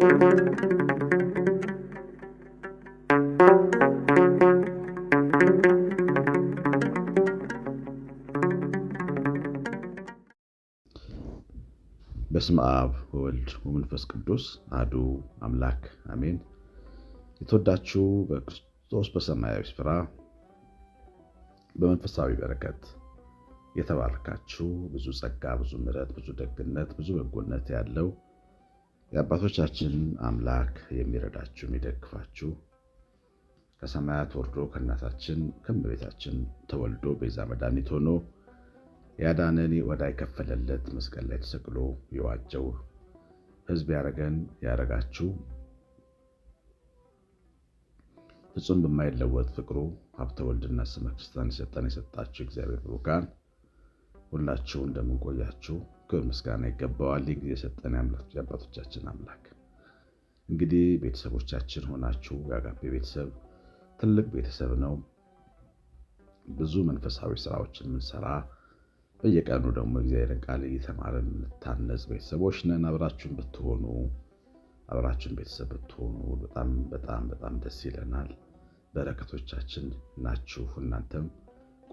በስመ አብ ወወልድ ወመንፈስ ቅዱስ አዱ አምላክ አሜን። የተወዳችሁ በክርስቶስ በሰማያዊ ስፍራ በመንፈሳዊ በረከት የተባረካችሁ ብዙ ጸጋ፣ ብዙ ምሕረት፣ ብዙ ደግነት፣ ብዙ በጎነት ያለው የአባቶቻችን አምላክ የሚረዳችሁ የሚደግፋችሁ ከሰማያት ወርዶ ከእናታችን ከእመቤታችን ተወልዶ ቤዛ መድኃኒት ሆኖ ያዳነን ወዳ የከፈለለት መስቀል ላይ ተሰቅሎ የዋጀው ሕዝብ ያረገን ያረጋችሁ ፍጹም በማይለወጥ ፍቅሩ ሀብተ ወልድና ስመ ክርስትናን የሰጠን የሰጣችሁ እግዚአብሔር ብሩካን ሁላችሁ እንደምንቆያችሁ ክብር ምስጋና ይገባዋል። ጊዜ የሰጠን የአምላክ አባቶቻችን አምላክ እንግዲህ ቤተሰቦቻችን ሆናችሁ የአጋፔ ቤተሰብ ትልቅ ቤተሰብ ነው። ብዙ መንፈሳዊ ስራዎችን የምንሰራ በየቀኑ ደግሞ እግዚአብሔርን ቃል እየተማረ የምንታነጽ ቤተሰቦች ነን። አብራችሁን ብትሆኑ አብራችሁን ቤተሰብ ብትሆኑ በጣም በጣም በጣም ደስ ይለናል። በረከቶቻችን ናችሁ። እናንተም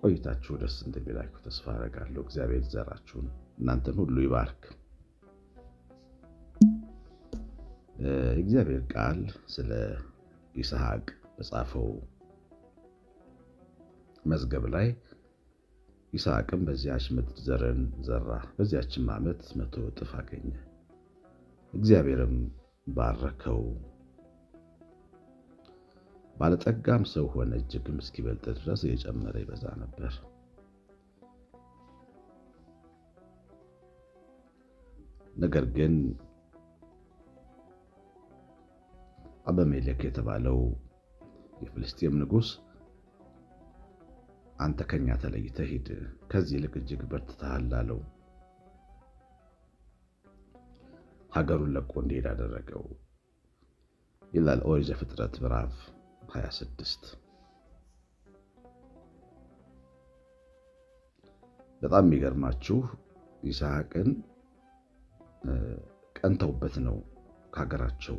ቆይታችሁ ደስ እንደሚላችሁ ተስፋ አደርጋለሁ። እግዚአብሔር ዘራችሁን እናንተን ሁሉ ይባርክ። እግዚአብሔር ቃል ስለ ይስሐቅ በጻፈው መዝገብ ላይ ይስሐቅም በዚያች ምድር ዘርን ዘራ፣ በዚያችም ዓመት መቶ እጥፍ አገኘ። እግዚአብሔርም ባረከው፣ ባለጠጋም ሰው ሆነ፣ እጅግም እስኪበልጥ ድረስ እየጨመረ ይበዛ ነበር። ነገር ግን አበሜሌክ የተባለው የፍልስጤም ንጉሥ አንተ ከኛ ተለይተ ሂድ፣ ከዚህ ልቅ እጅግ በርትተሃል አለው። ሀገሩን ለቆ እንዲሄድ አደረገው ይላል ኦይዘ ፍጥረት ምዕራፍ 26። በጣም የሚገርማችሁ ይስሐቅን ቀንተውበት ነው ከሀገራቸው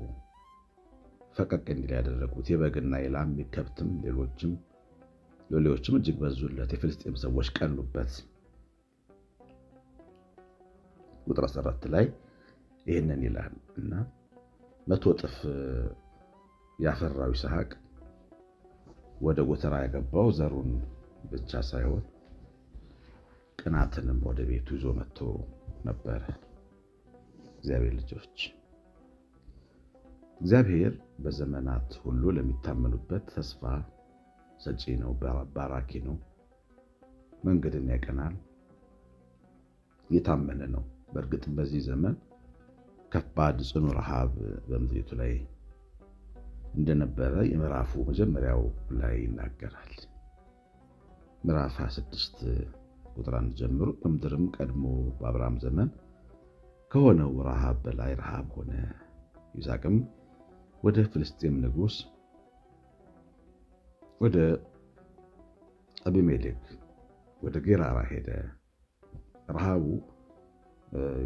ፈቀቅ እንዲል ያደረጉት። የበግና የላም የከብትም ሌሎችም ሎሌዎችም እጅግ በዙለት። የፍልስጤም ሰዎች ቀሉበት። ቁጥር 14 ላይ ይህንን ይላል እና መቶ እጥፍ ያፈራው ይስሐቅ ወደ ጎተራ ያገባው ዘሩን ብቻ ሳይሆን ቅናትንም ወደ ቤቱ ይዞ መጥቶ ነበረ። የእግዚአብሔር ልጆች እግዚአብሔር በዘመናት ሁሉ ለሚታመኑበት ተስፋ ሰጪ ነው፣ ባራኪ ነው፣ መንገድን ያቀናል፣ የታመነ ነው። በእርግጥም በዚህ ዘመን ከባድ ጽኑ ረሃብ በምድሪቱ ላይ እንደነበረ የምዕራፉ መጀመሪያው ላይ ይናገራል። ምዕራፍ 26 ቁጥር አንድ ጀምሮ በምድርም ቀድሞ በአብርሃም ዘመን ከሆነው ረሃብ በላይ ረሃብ ሆነ። ይዛቅም ወደ ፍልስጤም ንጉሥ ወደ አቢሜሌክ ወደ ጌራራ ሄደ። ረሃቡ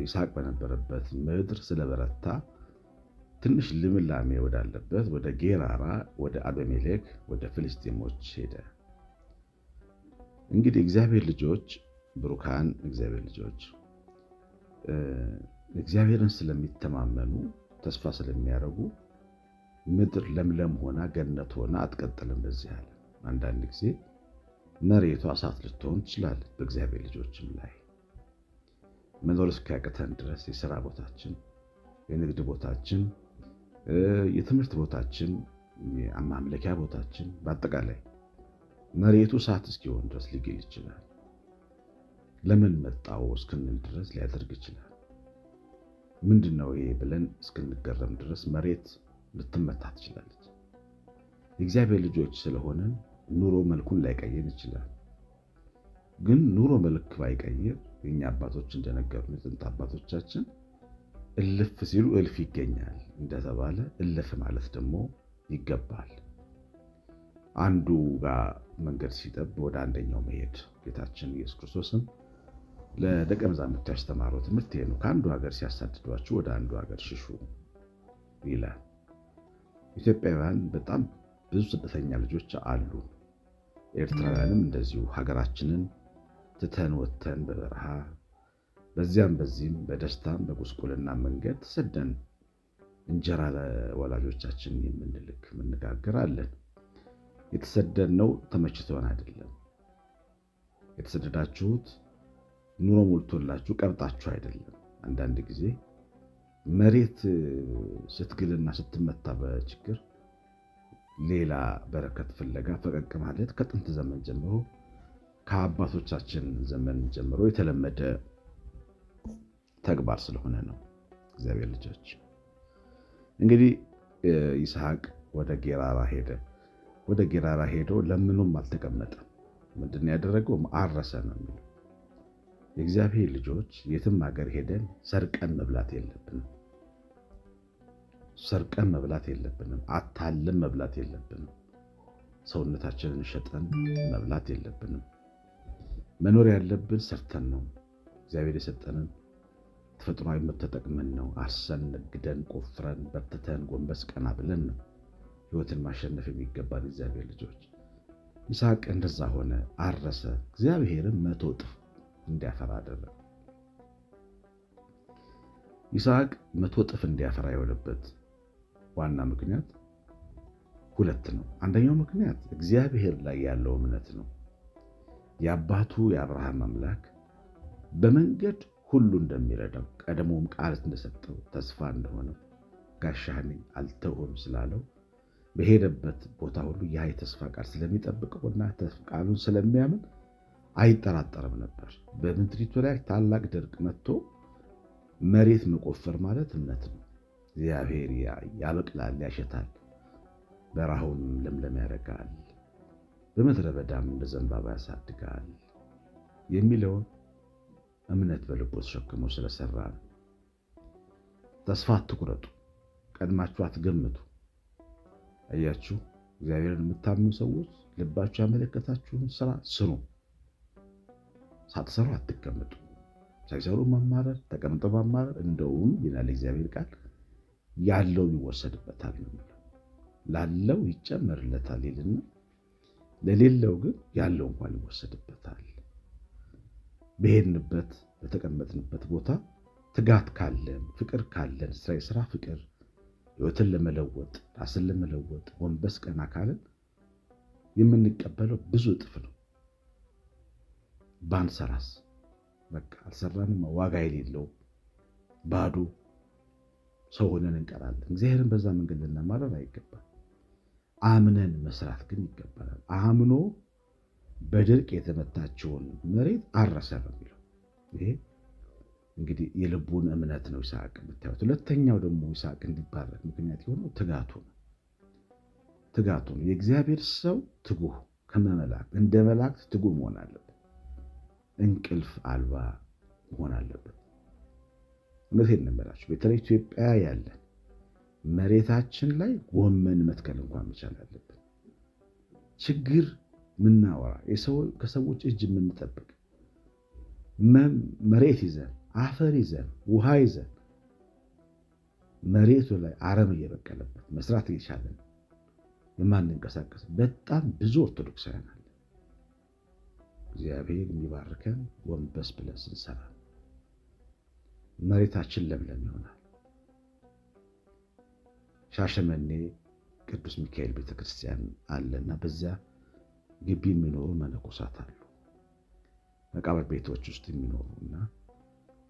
ይስሐቅ በነበረበት ምድር ስለበረታ ትንሽ ልምላሜ ወዳለበት ወደ ጌራራ ወደ አቢሜሌክ ወደ ፍልስጤሞች ሄደ። እንግዲህ እግዚአብሔር ልጆች ብሩካን እግዚአብሔር ልጆች እግዚአብሔርን ስለሚተማመኑ ተስፋ ስለሚያደርጉ ምድር ለምለም ሆና ገነት ሆና አትቀጥልም በዚህ ዓለም። አንዳንድ ጊዜ መሬቷ እሳት ልትሆን ትችላለች። በእግዚአብሔር ልጆችም ላይ መኖር እስኪያቅተን ድረስ የስራ ቦታችን፣ የንግድ ቦታችን፣ የትምህርት ቦታችን፣ የማምለኪያ ቦታችን በአጠቃላይ መሬቱ እሳት እስኪሆን ድረስ ሊግል ይችላል። ለምን መጣው እስክንል ድረስ ሊያደርግ ይችላል። ምንድን ነው ይሄ ብለን እስክንገረም ድረስ መሬት ልትመታ ትችላለች። የእግዚአብሔር ልጆች ስለሆነን ኑሮ መልኩን ላይቀይር ይችላል። ግን ኑሮ መልክ ባይቀይር የኛ አባቶች እንደነገሩን የጥንት አባቶቻችን እልፍ ሲሉ እልፍ ይገኛል እንደተባለ እልፍ ማለት ደግሞ ይገባል። አንዱ ጋር መንገድ ሲጠብ ወደ አንደኛው መሄድ ጌታችን ኢየሱስ ክርስቶስም ለደቀ መዛሙርት ያስተማረው ትምህርት ይሄ ነው። ከአንዱ ሀገር ሲያሳድዷችሁ ወደ አንዱ ሀገር ሽሹ ይላል። ኢትዮጵያውያን በጣም ብዙ ስደተኛ ልጆች አሉ። ኤርትራውያንም እንደዚሁ ሀገራችንን ትተን ወተን በበረሃ በዚያም በዚህም በደስታም በጉስቁልና መንገድ ተሰደን እንጀራ ለወላጆቻችን የምንልክ የምንጋግር አለን። የተሰደድነው ተመችቶን አይደለም። የተሰደዳችሁት ኑሮ ሞልቶላችሁ ቀብጣችሁ አይደለም። አንዳንድ ጊዜ መሬት ስትግልና ስትመታ በችግር ሌላ በረከት ፍለጋ ፈቀቅ ማለት ከጥንት ዘመን ጀምሮ ከአባቶቻችን ዘመን ጀምሮ የተለመደ ተግባር ስለሆነ ነው። እግዚአብሔር ልጆች እንግዲህ ይስሐቅ ወደ ጌራራ ሄደ። ወደ ጌራራ ሄዶ ለምኑም አልተቀመጠም። ምንድን ያደረገው አረሰ ነው የእግዚአብሔር ልጆች የትም ሀገር ሄደን ሰርቀን መብላት የለብንም። ሰርቀን መብላት የለብንም። አታለን መብላት የለብንም። ሰውነታችንን ሸጠን መብላት የለብንም። መኖር ያለብን ሰርተን ነው። እግዚአብሔር የሰጠንን ተፈጥሯዊ መብት ተጠቅመን ነው። አርሰን፣ ነግደን፣ ቆፍረን፣ በርትተን፣ ጎንበስ ቀና ብለን ነው ህይወትን ማሸነፍ የሚገባን እግዚአብሔር ልጆች። ይስሐቅ እንደዛ ሆነ፣ አረሰ። እግዚአብሔርም መቶ እጥፍ እንዲያፈራ አደረገ። ይስሐቅ መቶ ጥፍ እንዲያፈራ የሆነበት ዋና ምክንያት ሁለት ነው። አንደኛው ምክንያት እግዚአብሔር ላይ ያለው እምነት ነው። የአባቱ የአብርሃም አምላክ በመንገድ ሁሉ እንደሚረዳው ቀድሞም ቃል እንደሰጠው ተስፋ እንደሆነው ጋሻኔ ነኝ ስላለው በሄደበት ቦታ ሁሉ ያ የተስፋ ቃል ስለሚጠብቀውና ቃሉን ስለሚያምን አይጠራጠርም ነበር። በምድሪቱ ላይ ታላቅ ድርቅ መጥቶ መሬት መቆፈር ማለት እምነት ነው። እግዚአብሔር ያበቅላል፣ ያሸታል፣ በረሃውን ለምለም ያደርጋል፣ በምድረ በዳም እንደ ዘንባባ ያሳድጋል የሚለውን እምነት በልቦ ተሸክሞ ስለሰራ ነው። ተስፋ አትቁረጡ፣ ቀድማችሁ አትገምቱ። አያችሁ፣ እግዚአብሔርን የምታምኑ ሰዎች ልባችሁ ያመለከታችሁን ስራ ስሩ። ሳትሰሩ አትቀመጡ። ሳይሰሩ ማማረር፣ ተቀምጦ መማረር እንደውም ይላል እግዚአብሔር ቃል ያለው ይወሰድበታል ነው ላለው ይጨመርለታል ይልና ለሌለው ግን ያለው እንኳን ይወሰድበታል። በሄድንበት በተቀመጥንበት ቦታ ትጋት ካለን ፍቅር ካለን ስራ የስራ ፍቅር ህይወትን ለመለወጥ ራስን ለመለወጥ ወንበስ ቀና ካለን የምንቀበለው ብዙ እጥፍ ነው። ባንሰራስ? በቃ አልሰራንም፣ ዋጋ የሌለው ባዶ ሰው ሆነን እንቀራለን። እግዚአብሔርን በዛ መንገድ ልናማረር አይገባል። አምነን መስራት ግን ይገባናል። አምኖ በድርቅ የተመታችውን መሬት አረሰ ነው የሚለው። ይሄ እንግዲህ የልቡን እምነት ነው ይስሐቅ የምታዩት። ሁለተኛው ደግሞ ይስሐቅ እንዲባረክ ምክንያት የሆነው ትጋቱ ነው። ትጋቱ ነው። የእግዚአብሔር ሰው ትጉህ ከመመላክ እንደ መላእክት ትጉህ መሆን አለ። እንቅልፍ አልባ መሆን አለበት። እውነቴን ነው በተለይ ኢትዮጵያ ያለን መሬታችን ላይ ጎመን መትከል እንኳን መቻል አለብን። ችግር ምናወራ የሰው ከሰዎች እጅ የምንጠብቅ መሬት ይዘን አፈር ይዘን ውሃ ይዘን መሬቱ ላይ አረም እየበቀለበት መስራት እየቻለን የማንንቀሳቀስ በጣም ብዙ ኦርቶዶክሳውያን እግዚአብሔር የሚባርከን ጎንበስ ብለን ስንሰራ፣ መሬታችን ለምለም ይሆናል። ሻሸመኔ ቅዱስ ሚካኤል ቤተክርስቲያን አለና በዚያ ግቢ የሚኖሩ መነኮሳት አሉ። መቃብር ቤቶች ውስጥ የሚኖሩ እና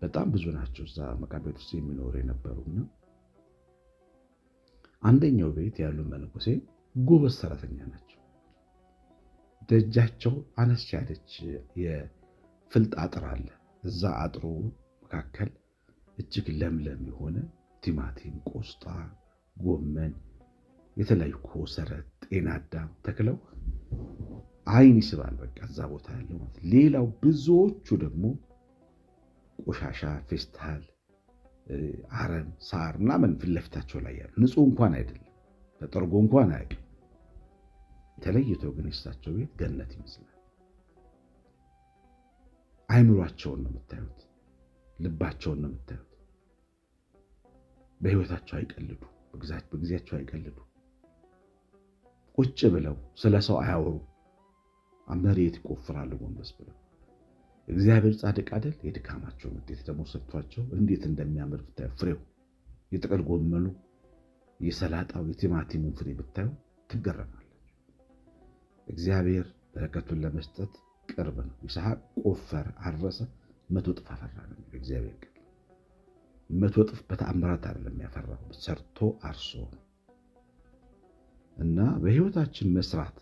በጣም ብዙ ናቸው። እዛ መቃብር ቤት ውስጥ የሚኖሩ የነበሩና አንደኛው ቤት ያሉ መነኮሴ ጎበዝ ሰራተኛ ናቸው። ደጃቸው አነስ ያለች የፍልጥ አጥር አለ። እዛ አጥሩ መካከል እጅግ ለምለም የሆነ ቲማቲም፣ ቆስጣ፣ ጎመን፣ የተለያዩ ኮሰረት፣ ጤናዳም ተክለው አይን ይስባል። በቃ እዛ ቦታ ያለው ሌላው ብዙዎቹ ደግሞ ቆሻሻ፣ ፌስታል፣ አረም፣ ሳር ምናምን ፊት ለፊታቸው ላይ ያሉ ንጹህ እንኳን አይደለም፣ ተጠርጎ እንኳን አያውቅም። ተለይቶ ግን የሳቸው ቤት ገነት ይመስላል። አይምሯቸውን ነው የምታዩት፣ ልባቸውን ነው የምታዩት። በህይወታቸው አይቀልዱ፣ በጊዜያቸው አይቀልዱ። ቁጭ ብለው ስለ ሰው አያወሩ። መሬት ይቆፍራሉ ጎንበስ ብለው። እግዚአብሔር ጻድቅ አደል? የድካማቸውን ውጤት ደግሞ ሰጥቷቸው እንዴት እንደሚያምር ብታዩ ፍሬው የጥቅል ጎመኑ የሰላጣው የቲማቲሙን ፍሬ ብታዩ ትገረማል። እግዚአብሔር በረከቱን ለመስጠት ቅርብ ነው። ይስሐቅ ቆፈረ፣ አረሰ፣ መቶ እጥፍ አፈራ ነው እግዚአብሔር ቃል። መቶ እጥፍ በተአምራት አይደለም ያፈራው ሰርቶ አርሶ እና በህይወታችን መስራት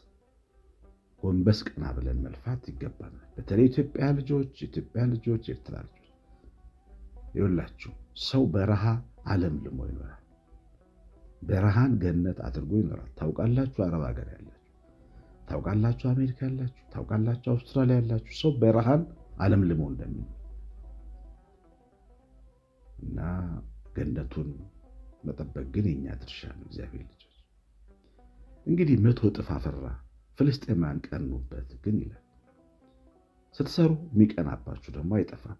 ጎንበስ ቀና ብለን መልፋት ይገባናል። በተለይ ኢትዮጵያ ልጆች ኢትዮጵያ ልጆች ኤርትራ ልጆች ይውላችሁ ሰው በረሃ አለም ልሞ ይኖራል። በረሃን ገነት አድርጎ ይኖራል። ታውቃላችሁ አረብ ሀገር ያለ ታውቃላችሁ፣ አሜሪካ ያላችሁ ታውቃላችሁ፣ አውስትራሊያ ያላችሁ ሰው በረሃን አለምልሞ እንደሚል እና ገነቱን መጠበቅ ግን የኛ ድርሻ ነው። እግዚአብሔር ልጆች እንግዲህ መቶ እጥፍ አፈራ፣ ፍልስጤማን ቀኑበት ግን ይላል። ስትሰሩ የሚቀናባችሁ ደግሞ አይጠፋም፣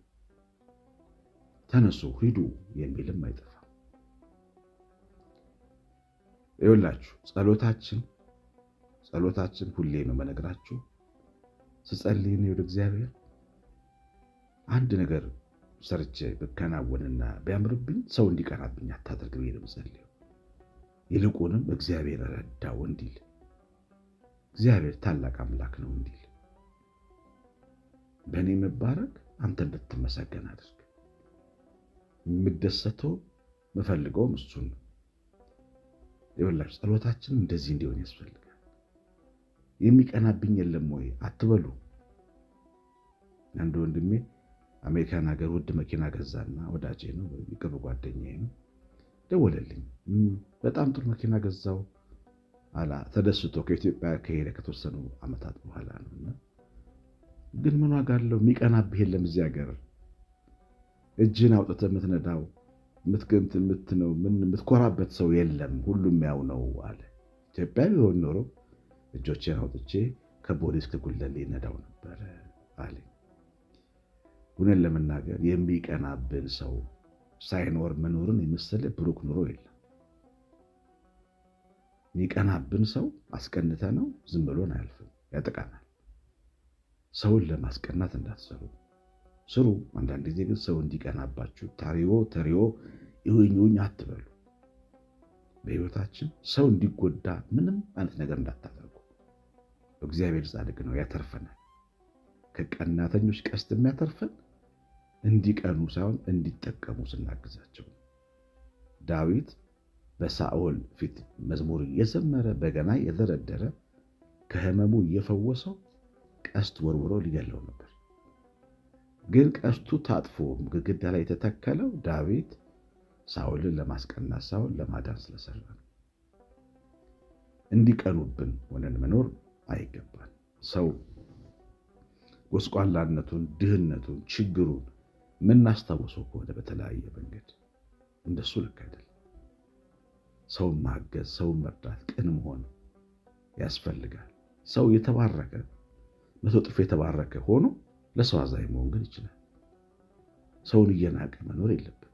ተነሱ ሂዱ የሚልም አይጠፋም። ይውላችሁ ጸሎታችን ጸሎታችን ሁሌ ነው መነግራችሁ። ስጸልይ እኔ ወደ እግዚአብሔር አንድ ነገር ሰርቼ ብከናወንና ቢያምርብኝ ሰው እንዲቀናብኝ አታደርግ ብዬ ነው ይልቁንም እግዚአብሔር ረዳው እንዲል፣ እግዚአብሔር ታላቅ አምላክ ነው እንዲል፣ በእኔ መባረክ አንተ እንድትመሰገን አድርግ። የምደሰተው የምፈልገውም እሱን ነው። የበላሽ እንደዚህ እንዲሆን ያስፈልጋል። የሚቀናብኝ የለም ወይ አትበሉ። አንድ ወንድሜ አሜሪካን ሀገር ውድ መኪና ገዛና ወዳጄ ነው፣ ቅርብ ጓደኛዬ ነው። ደወለልኝ። በጣም ጥሩ መኪና ገዛው አላ ተደስቶ ከኢትዮጵያ ከሄደ ከተወሰኑ ዓመታት በኋላ ነውና፣ ግን ምን ዋጋ አለው? የሚቀናብህ የለም እዚህ ሀገር እጅን አውጥተ የምትነዳው ምትገንት ምትነው ምን የምትኮራበት ሰው የለም፣ ሁሉም ያው ነው አለ። ኢትዮጵያ ቢሆን ኖሮ እጆቼን አውጥቼ ከቦሌ እስከ ጉለሌ ነዳው ነበረ አለ። እውነት ለመናገር የሚቀናብን ሰው ሳይኖር መኖርን የመሰለ ብሩክ ኑሮ የለም። የሚቀናብን ሰው አስቀንተ ነው ዝም ብሎን አያልፍም፣ ያጠቃናል። ሰውን ለማስቀናት እንዳትሰሩ ስሩ። አንዳንድ ጊዜ ግን ሰው እንዲቀናባችሁ ታሪዎ ተሪዎ ይሁኝ አትበሉ። በህይወታችን ሰው እንዲጎዳ ምንም አይነት ነገር እንዳታደርጉ። እግዚአብሔር ጻድቅ ነው፣ ያተርፈናል። ከቀናተኞች ቀስት የሚያተርፈን እንዲቀኑ ሳይሆን እንዲጠቀሙ ስናግዛቸው። ዳዊት በሳኦል ፊት መዝሙር እየዘመረ በገና እየደረደረ ከህመሙ እየፈወሰው ቀስት ወርውሮ ሊገለው ነበር። ግን ቀስቱ ታጥፎ ግድግዳ ላይ የተተከለው ዳዊት ሳኦልን ለማስቀናት ሳይሆን ለማዳን ስለሰራ ነው። እንዲቀኑብን ሆነን መኖር አይገባል። ሰው ጎስቋላነቱን፣ ድህነቱን፣ ችግሩን የምናስታውሰው ከሆነ በተለያየ መንገድ እንደሱ ልክ አይደለም። ሰውን ማገዝ፣ ሰውን መርዳት፣ ቅን መሆን ያስፈልጋል። ሰው የተባረከ መቶ ጥፍ የተባረከ ሆኖ ለሰው አዛኝ መሆን ግን ይችላል። ሰውን እየናቀ መኖር የለበት።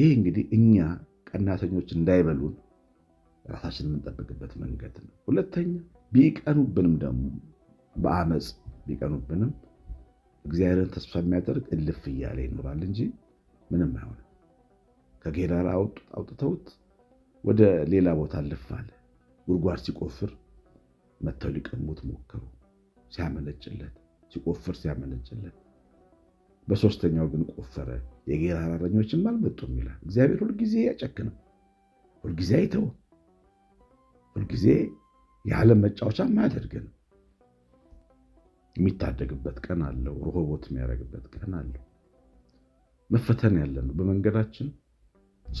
ይህ እንግዲህ እኛ ቀናተኞች እንዳይበሉን ራሳችን የምንጠብቅበት መንገድ ነው። ሁለተኛ ቢቀኑብንም ደግሞ በአመፅ ቢቀኑብንም እግዚአብሔርን ተስፋ የሚያደርግ እልፍ እያለ ይኖራል እንጂ ምንም አይሆን። ከጌራራ አውጥተውት ወደ ሌላ ቦታ እልፍ አለ። ጉድጓድ ሲቆፍር መጥተው ሊቀሙት ሞከሩ። ሲያመነጭለት ሲቆፍር ሲያመነጭለት፣ በሶስተኛው ግን ቆፈረ። የጌራራ እረኞችም አልመጡም ይላል። እግዚአብሔር ሁልጊዜ አያጨክንም፣ ሁልጊዜ አይተውም፣ ሁልጊዜ የዓለም መጫወቻ አያደርገን። የሚታደግበት ቀን አለው። ሮሆቦት የሚያደርግበት ቀን አለው። መፈተን ያለ ነው። በመንገዳችን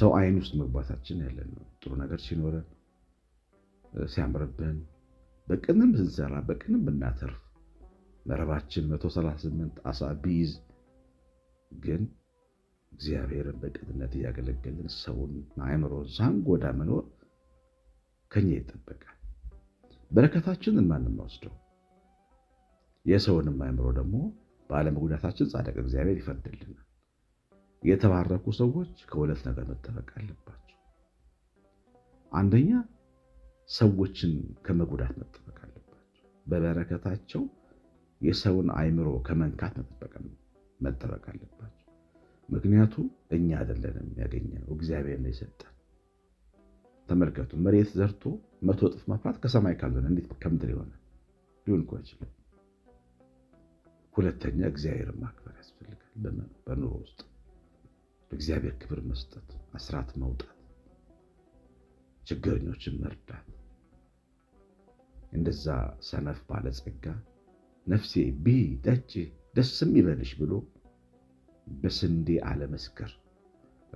ሰው አይን ውስጥ መግባታችን ያለ ነው። ጥሩ ነገር ሲኖረን ሲያምርብን፣ በቅንም ስንሰራ በቅንም ብናተርፍ መረባችን 138 አሳ ቢይዝ ግን እግዚአብሔርን በቅንነት እያገለገልን ሰውን አእምሮን ሳንጎዳ መኖር ከኛ ይጠበቃል። በረከታችን በረከታችንን ወስደው የሰውንም አእምሮ ደግሞ ባለመጉዳታችን ጻድቅ እግዚአብሔር ይፈርድልናል። የተባረኩ ሰዎች ከሁለት ነገር መጠበቅ አለባቸው። አንደኛ ሰዎችን ከመጉዳት መጠበቅ አለባቸው። በበረከታቸው የሰውን አእምሮ ከመንካት መጠበቅ አለባቸው። ምክንያቱም እኛ አይደለንም ያገኘነው፣ እግዚአብሔር ነው የሰጠን። ተመልከቱ መሬት ዘርቶ መቶ እጥፍ መፍራት ከሰማይ ካልሆነ እንዴት ከምድር የሆነ ሊሆን እኮ አይችልም። ሁለተኛ እግዚአብሔርን ማክበር ያስፈልጋል። በኑሮ ውስጥ ለእግዚአብሔር ክብር መስጠት፣ አስራት መውጣት፣ ችግረኞችን መርዳት። እንደዛ ሰነፍ ባለጸጋ ነፍሴ ቢ ጠጪ ደስም ይበልሽ ብሎ በስንዴ አለመስከር፣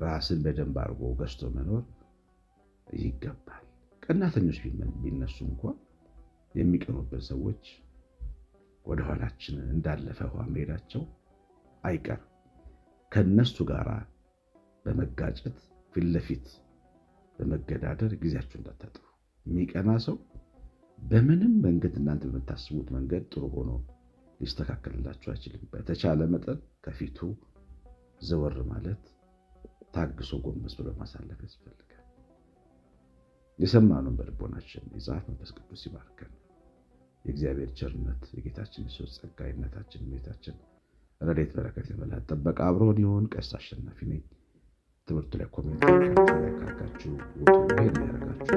ራስን በደንብ አድርጎ ገዝቶ መኖር ይገባል። ቀናተኞች ቢነሱ እንኳ የሚቀኑበት ሰዎች ወደ ኋላችን እንዳለፈ ውሃ መሄዳቸው አይቀርም። ከነሱ ጋር በመጋጨት ፊት ለፊት በመገዳደር ጊዜያችሁ እንዳታጥፉ። የሚቀና ሰው በምንም መንገድ እናንተ በምታስቡት መንገድ ጥሩ ሆኖ ሊስተካከልላችሁ አይችልም። በተቻለ መጠን ከፊቱ ዘወር ማለት ታግሶ ጎንበስ ብሎ ማሳለፍ ያስፈልጋል። የሰማነውን በልቦናችን የጻፍ መንፈስ ቅዱስ ይባርከን። የእግዚአብሔር ቸርነት የጌታችን የሱስ ጸጋ የእናታችን ቤታችን ረዴት በረከት የመላእክት ጠበቃ አብሮን ይሁን። ቀሲስ አሸናፊ ነኝ። ትምህርቱ ላይ ኮሜንት ያካችሁ ውጡ የሚያደርጋችሁ